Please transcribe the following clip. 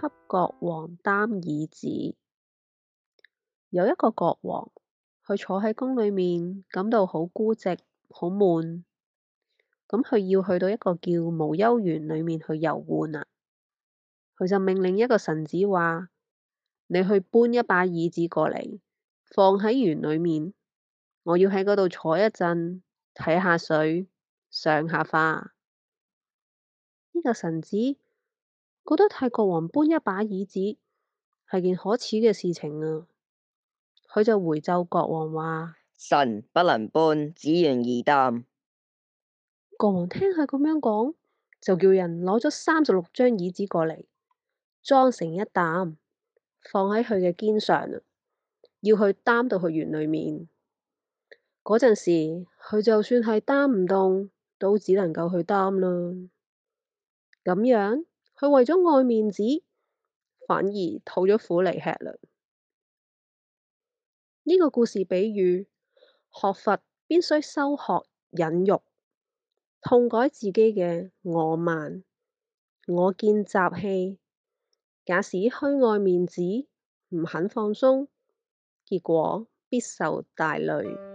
給國王擔椅子。有一個國王，佢坐喺宮裏面，感到好孤寂，好悶。咁佢要去到一個叫無憂園裏面去遊玩啦。佢就命令一個臣子話：「你去搬一把椅子過嚟，放喺園裏面，我要喺嗰度坐一陣，睇下水，賞下花」。呢個臣子。覺得替國王搬一把椅子係件可恥嘅事情啊！佢就回奏國王話：神不能搬，只願二擔。國王聽佢咁樣講，就叫人攞咗三十六張椅子過嚟，裝成一擔，放喺佢嘅肩上，要佢擔到去園裏面，嗰陣時，佢就算係擔唔動，都只能夠去擔啦。咁樣。佢為咗愛面子，反而討咗苦嚟吃啦。呢個故事比喻學佛，必須修學忍辱，痛改自己嘅傲慢、我見習氣。假使虛愛面子，唔肯放鬆，結果必受大累。